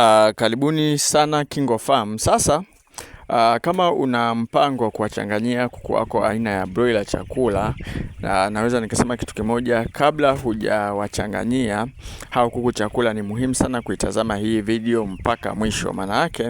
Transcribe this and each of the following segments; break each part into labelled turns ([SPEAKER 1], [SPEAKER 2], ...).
[SPEAKER 1] Uh, karibuni sana KingoFarm. Sasa Uh, kama una mpango wa kuwachanganyia kuku wako aina ya broiler chakula na, naweza nikasema kitu kimoja, kabla hujawachanganyia hao kuku chakula, ni muhimu sana kuitazama hii video mpaka mwisho. Maana yake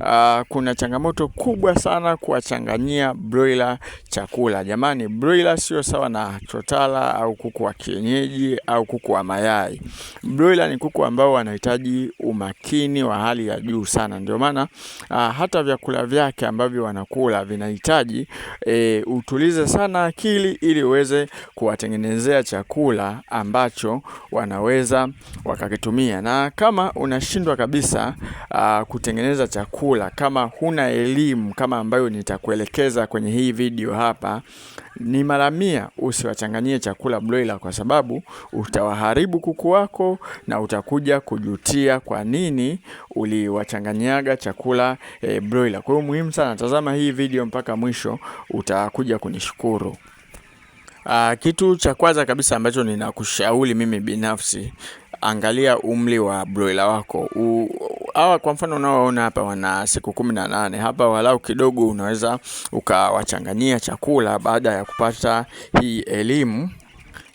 [SPEAKER 1] uh, kuna changamoto kubwa sana kuwachanganyia broiler chakula. Jamani, broiler sio sawa na chotala au kuku wa kienyeji au kuku wa mayai. Broiler ni kuku ambao wanahitaji umakini wa hali ya juu sana, ndio maana uh, hata vyakula vyake ambavyo wanakula vinahitaji e, utulize sana akili ili uweze kuwatengenezea chakula ambacho wanaweza wakakitumia. Na kama unashindwa kabisa a, kutengeneza chakula, kama huna elimu kama ambayo nitakuelekeza kwenye hii video hapa ni mara mia usiwachanganyie chakula broila, kwa sababu utawaharibu kuku wako na utakuja kujutia kwa nini uliwachanganyaga chakula e, eh, broila. Kwa hiyo muhimu sana, tazama hii video mpaka mwisho, utakuja kunishukuru. Aa, ah, kitu cha kwanza kabisa ambacho ninakushauri mimi binafsi, angalia umri wa broila wako u hawa kwa mfano unaoona hapa wana siku kumi na nane hapa, walau kidogo unaweza ukawachanganyia chakula baada ya kupata hii elimu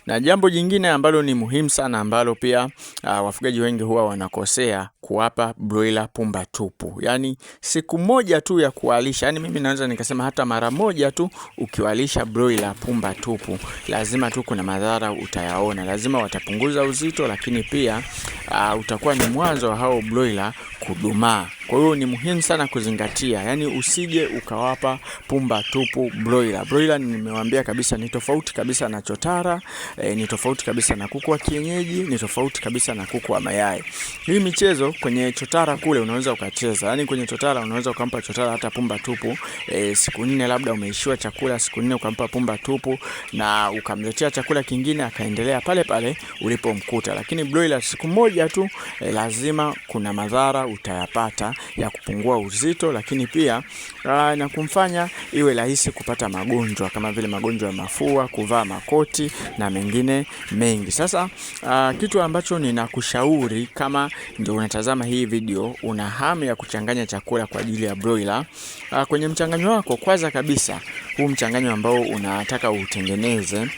[SPEAKER 1] na jambo jingine ambalo ni muhimu sana ambalo pia uh, wafugaji wengi huwa wanakosea kuwapa broila pumba tupu, yaani siku moja tu ya kuwalisha. Yaani mimi naanza nikasema hata mara moja tu ukiwalisha broila pumba tupu, lazima tu kuna madhara utayaona, lazima watapunguza uzito, lakini pia uh, utakuwa ni mwanzo wa hao broila kudumaa. Kwa hiyo ni muhimu sana kuzingatia, yaani usije ukawapa pumba tupu broila. Broila nimewambia kabisa ni tofauti kabisa na chotara eh, ni tofauti kabisa na kuku wa kienyeji, ni tofauti kabisa na kuku wa mayai. Hii michezo kwenye chotara kule unaweza ukacheza, yani kwenye chotara unaweza ukampa chotara hata pumba tupu e, siku nne labda umeishiwa chakula siku nne ukampa pumba tupu na ukamletea chakula kingine akaendelea pale pale ulipomkuta. Lakini broiler siku moja tu e, lazima kuna madhara utayapata ya kupungua uzito, lakini pia a, na kumfanya iwe rahisi kupata magonjwa kama vile magonjwa ya mafua, kuvaa makoti na mengine mengi. Sasa a, kitu ambacho ninakushauri kama ndio unatazama unatazama hii video una hamu ya kuchanganya chakula kwa ajili ya broiler. Ah, kwenye mchanganyo wako, kwanza kabisa, huu mchanganyo ambao unataka utengeneze,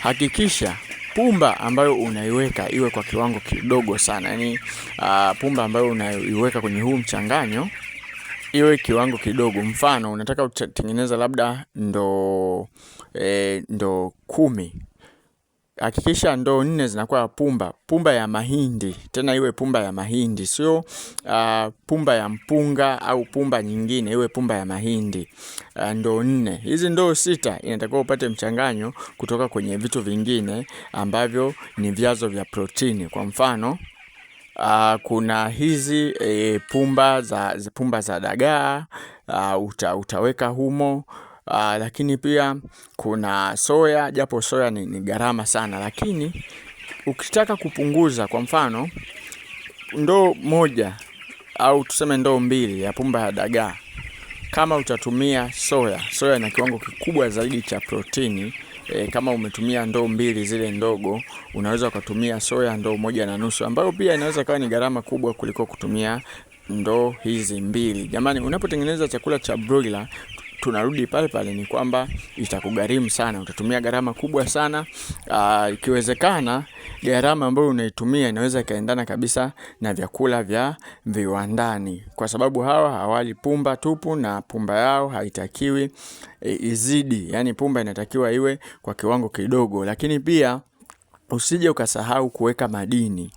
[SPEAKER 1] hakikisha pumba ambayo unaiweka iwe kwa kiwango kidogo sana, yani uh, pumba ambayo unaiweka kwenye huu mchanganyo iwe kiwango kidogo. Mfano unataka utengeneza labda ndo, e, eh, ndo kumi hakikisha ndoo nne zinakuwa pumba pumba ya mahindi, tena iwe pumba ya mahindi, sio uh, pumba ya mpunga au pumba nyingine, iwe pumba ya mahindi. Uh, ndoo nne hizi, ndoo sita inatakiwa upate mchanganyo kutoka kwenye vitu vingine ambavyo ni vyanzo vya protini. Kwa mfano Uh, kuna hizi e, pumba za pumba za dagaa uh, uta, utaweka humo. Ah, lakini pia kuna soya, japo soya ni, ni gharama sana, lakini ukitaka kupunguza, kwa mfano ndoo moja au tuseme ndoo mbili ya pumba ya dagaa, kama utatumia soya, soya ina kiwango kikubwa zaidi cha protini E, kama umetumia ndoo mbili zile ndogo unaweza ukatumia soya ndoo moja na nusu ambayo pia inaweza kawa ni gharama kubwa kuliko kutumia ndoo hizi mbili. Jamani, unapotengeneza chakula cha broiler tunarudi pale pale, ni kwamba itakugharimu sana, utatumia gharama kubwa sana. Ah, ikiwezekana gharama ambayo unaitumia inaweza ikaendana kabisa na vyakula vya viwandani, kwa sababu hawa hawali pumba tupu na pumba yao haitakiwi e, izidi, yani pumba inatakiwa iwe kwa kiwango kidogo, lakini pia usije ukasahau kuweka madini.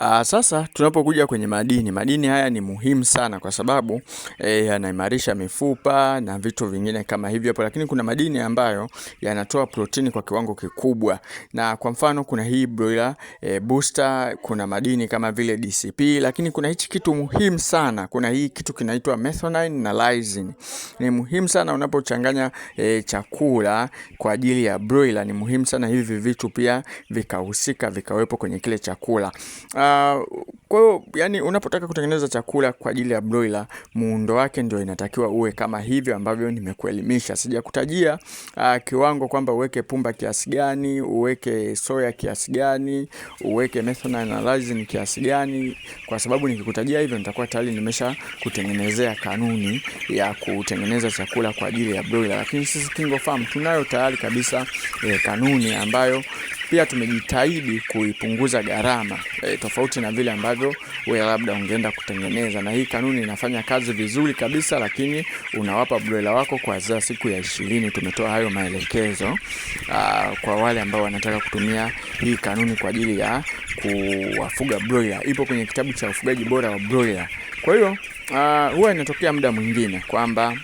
[SPEAKER 1] Uh, sasa tunapokuja kwenye madini, madini haya ni muhimu sana kwa sababu eh, yanaimarisha mifupa na vitu vingine kama hivyo hapo, lakini kuna madini ambayo yanatoa protini kwa kiwango kikubwa, na kwa mfano kuna hii broiler eh, booster, kuna madini kama vile DCP, lakini kuna hichi kitu muhimu sana, kuna hii kitu kinaitwa methionine na lysine. Ni muhimu sana unapochanganya eh, chakula kwa ajili ya broiler, ni muhimu sana hivi vitu pia vikahusika vikawepo kwenye kile chakula. uh, kwa hiyo yani, unapotaka kutengeneza chakula kwa ajili ya broiler, muundo wake ndio inatakiwa uwe kama hivyo ambavyo nimekuelimisha. Sijakutajia ah, kiwango kwamba uweke pumba kiasi gani, uweke soya kiasi gani, uweke methionine na lysine kiasi gani, kwa sababu nikikutajia hivyo nitakuwa tayari nimesha kutengenezea kanuni ya kutengeneza chakula kwa ajili ya broiler. Lakini sisi KingoFarm tunayo tayari kabisa eh, kanuni ambayo pia tumejitahidi kuipunguza gharama e, tofauti na vile ambavyo wewe labda ungeenda kutengeneza, na hii kanuni inafanya kazi vizuri kabisa, lakini unawapa broiler wako kuanzia siku ya ishirini. Tumetoa hayo maelekezo aa, kwa wale ambao wanataka kutumia hii kanuni kwa ajili ya kuwafuga broiler. Ipo kwenye kitabu cha ufugaji bora wa broiler. Kwa hiyo huwa inatokea muda mwingine kwamba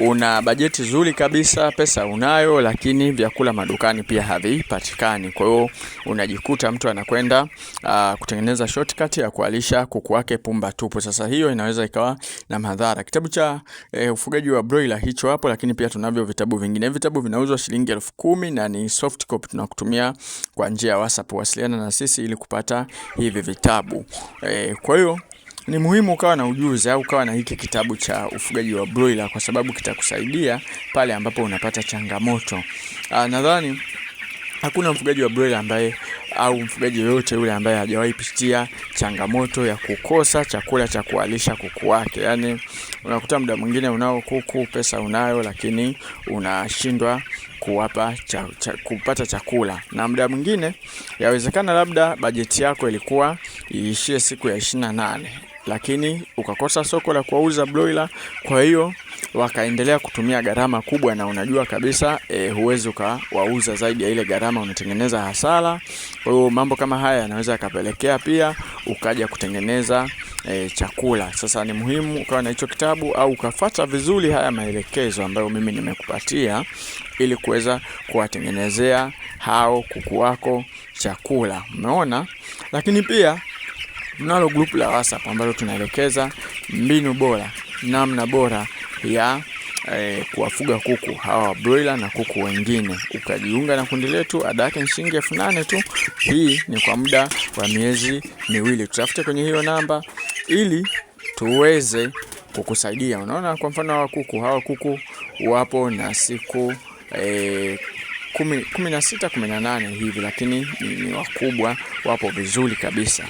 [SPEAKER 1] una bajeti nzuri kabisa, pesa unayo, lakini vyakula madukani pia havipatikani. Kwa hiyo unajikuta mtu anakwenda uh, kutengeneza shortcut ya kualisha kuku wake pumba tupu. Sasa hiyo inaweza ikawa na madhara. Kitabu cha eh, ufugaji wa broiler hicho hapo, lakini pia tunavyo vitabu vingine. Vitabu vinauzwa shilingi elfu kumi na ni soft copy, tunakutumia kwa njia ya WhatsApp. Wasiliana na sisi ili kupata hivi vitabu eh, kwa hiyo ni muhimu ukawa na ujuzi au ukawa na hiki kitabu cha ufugaji wa broiler kwa sababu kitakusaidia pale ambapo unapata changamoto. Ah, nadhani hakuna mfugaji wa broiler ambaye au mfugaji yoyote yule ambaye hajawahi pitia changamoto ya kukosa chakula cha kuwalisha kuku wake. Yaani unakuta muda mwingine unao kuku, pesa unayo, lakini unashindwa kuwapa cha, cha, kupata chakula, na muda mwingine yawezekana labda bajeti yako ilikuwa iishie siku ya ishirini na nane lakini ukakosa soko la kuwauza broiler. Kwa hiyo wakaendelea kutumia gharama kubwa, na unajua kabisa e, huwezi ukawauza zaidi ya ile gharama, unatengeneza hasara. Kwa hiyo mambo kama haya yanaweza yakapelekea pia ukaja kutengeneza e, chakula. Sasa ni muhimu ukawa na hicho kitabu au ukafuata vizuri haya maelekezo ambayo mimi nimekupatia ili kuweza kuwatengenezea hao kuku wako chakula. Umeona? Lakini pia mnalo grupu la WhatsApp ambalo tunaelekeza mbinu bora, namna bora ya eh, kuwafuga kuku hawa broiler na kuku wengine. Ukajiunga na kundi letu, ada yake shilingi elfu nane tu. Hii ni kwa muda wa miezi miwili. Tutafute kwenye hiyo namba ili tuweze kukusaidia. Unaona, kwa mfano hawa kuku hawa kuku wapo na siku eh, kumi na sita kumi na nane hivi, lakini ni wakubwa, wapo vizuri kabisa.